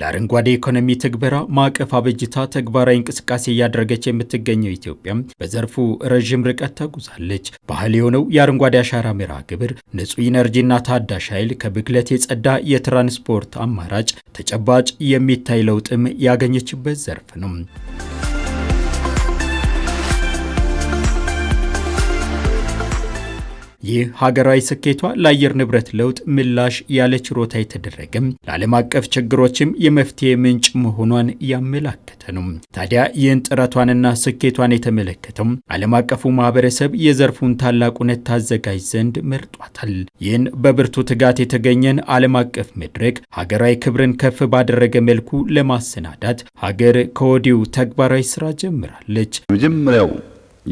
ለአረንጓዴ ኢኮኖሚ ትግበራ ማዕቀፍ አበጅታ ተግባራዊ እንቅስቃሴ እያደረገች የምትገኘው ኢትዮጵያ በዘርፉ ረዥም ርቀት ተጉዛለች። ባህል የሆነው የአረንጓዴ አሻራ መርሃ ግብር ንጹህ ኢነርጂና ታዳሽ ኃይል ከብክለት የጸዳ የትራንስፖርት አማራጭ ተጨባጭ የሚታይ ለውጥም ያገኘችበት ዘርፍ ነው። ይህ ሀገራዊ ስኬቷ ለአየር ንብረት ለውጥ ምላሽ ያለ ችሮታ የተደረገም ለዓለም አቀፍ ችግሮችም የመፍትሄ ምንጭ መሆኗን ያመላከተ ነው። ታዲያ ይህን ጥረቷንና ስኬቷን የተመለከተው ዓለም አቀፉ ማህበረሰብ የዘርፉን ታላቁነት ታዘጋጅ ዘንድ መርጧታል። ይህን በብርቱ ትጋት የተገኘን ዓለም አቀፍ መድረክ ሀገራዊ ክብርን ከፍ ባደረገ መልኩ ለማሰናዳት ሀገር ከወዲሁ ተግባራዊ ስራ ጀምራለች። መጀመሪያው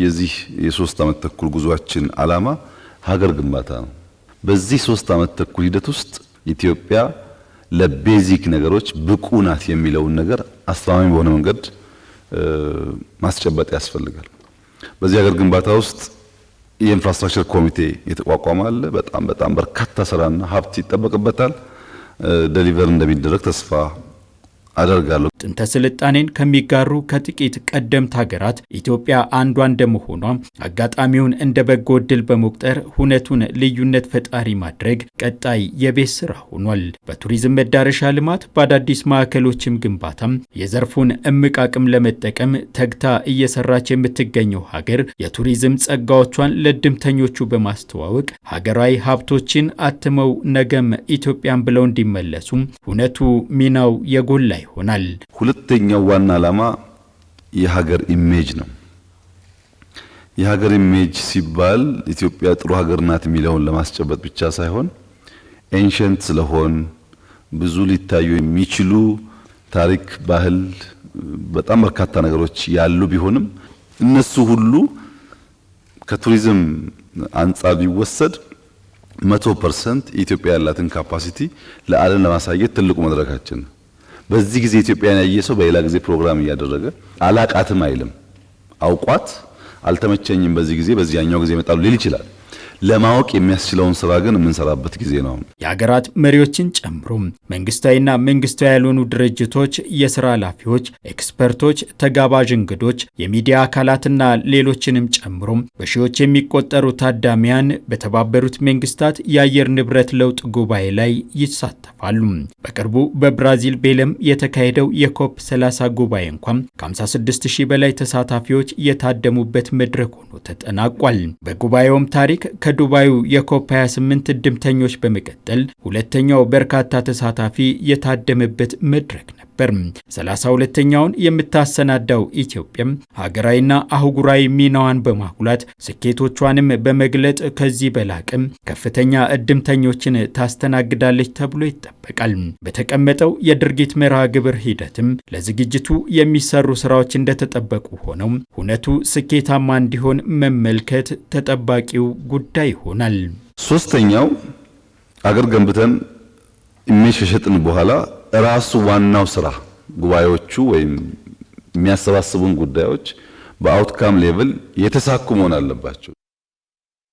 የዚህ የሶስት ዓመት ተኩል ጉዟችን ዓላማ ሀገር ግንባታ ነው። በዚህ ሶስት ዓመት ተኩል ሂደት ውስጥ ኢትዮጵያ ለቤዚክ ነገሮች ብቁ ናት የሚለውን ነገር አስተማማኝ በሆነ መንገድ ማስጨበጥ ያስፈልጋል። በዚህ ሀገር ግንባታ ውስጥ የኢንፍራስትራክቸር ኮሚቴ የተቋቋመ አለ። በጣም በጣም በርካታ ስራና ሀብት ይጠበቅበታል። ደሊቨር እንደሚደረግ ተስፋ አደርጋለሁ። ጥንተ ስልጣኔን ከሚጋሩ ከጥቂት ቀደምት ሀገራት ኢትዮጵያ አንዷ እንደመሆኗ አጋጣሚውን እንደ በጎ እድል በመቁጠር ሁነቱን ልዩነት ፈጣሪ ማድረግ ቀጣይ የቤት ስራ ሆኗል። በቱሪዝም መዳረሻ ልማት፣ በአዳዲስ ማዕከሎችም ግንባታም የዘርፉን እምቅ አቅም ለመጠቀም ተግታ እየሰራች የምትገኘው ሀገር የቱሪዝም ጸጋዎቿን ለድምተኞቹ በማስተዋወቅ ሀገራዊ ሀብቶችን አትመው ነገም ኢትዮጵያን ብለው እንዲመለሱም ሁነቱ ሚናው የጎላ ይሆናል። ሁለተኛው ዋና ዓላማ የሀገር ኢሜጅ ነው። የሀገር ኢሜጅ ሲባል ኢትዮጵያ ጥሩ ሀገር ናት የሚለውን ለማስጨበጥ ብቻ ሳይሆን ኤንሸንት ስለሆን ብዙ ሊታዩ የሚችሉ ታሪክ፣ ባህል፣ በጣም በርካታ ነገሮች ያሉ ቢሆንም እነሱ ሁሉ ከቱሪዝም አንጻር ቢወሰድ መቶ ፐርሰንት ኢትዮጵያ ያላትን ካፓሲቲ ለዓለም ለማሳየት ትልቁ መድረካችን ነው። በዚህ ጊዜ ኢትዮጵያን ያየ ሰው በሌላ ጊዜ ፕሮግራም እያደረገ አላቃትም አይልም። አውቋት አልተመቸኝም በዚህ ጊዜ በዚያኛው ጊዜ ይመጣሉ ሊል ይችላል። ለማወቅ የሚያስችለውን ስራ ግን የምንሰራበት ጊዜ ነው። የሀገራት መሪዎችን ጨምሮ መንግስታዊና መንግስታዊ ያልሆኑ ድርጅቶች፣ የስራ ኃላፊዎች፣ ኤክስፐርቶች፣ ተጋባዥ እንግዶች፣ የሚዲያ አካላትና ሌሎችንም ጨምሮ በሺዎች የሚቆጠሩ ታዳሚያን በተባበሩት መንግስታት የአየር ንብረት ለውጥ ጉባኤ ላይ ይሳተፋሉ። በቅርቡ በብራዚል ቤለም የተካሄደው የኮፕ 30 ጉባኤ እንኳን ከ56 ሺህ በላይ ተሳታፊዎች የታደሙበት መድረክ ሆኖ ተጠናቋል። በጉባኤውም ታሪክ ከዱባዩ የኮፕ 28 እድምተኞች በመቀጠል ሁለተኛው በርካታ ተሳታፊ የታደመበት መድረክ ነበር። ነበር። 32 ሁለተኛውን የምታሰናዳው ኢትዮጵያም ሀገራዊና አህጉራዊ ሚናዋን በማጉላት ስኬቶቿንም በመግለጥ ከዚህ በላቅም ከፍተኛ እድምተኞችን ታስተናግዳለች ተብሎ ይጠበቃል። በተቀመጠው የድርጊት መርሃ ግብር ሂደትም ለዝግጅቱ የሚሰሩ ስራዎች እንደተጠበቁ ሆነው ሁነቱ ስኬታማ እንዲሆን መመልከት ተጠባቂው ጉዳይ ይሆናል። ሶስተኛው አገር ገንብተን የሚሸሸጥን በኋላ ራሱ ዋናው ስራ ጉባኤዎቹ ወይም የሚያሰባስቡን ጉዳዮች በአውትካም ሌቭል የተሳኩ መሆን አለባቸው።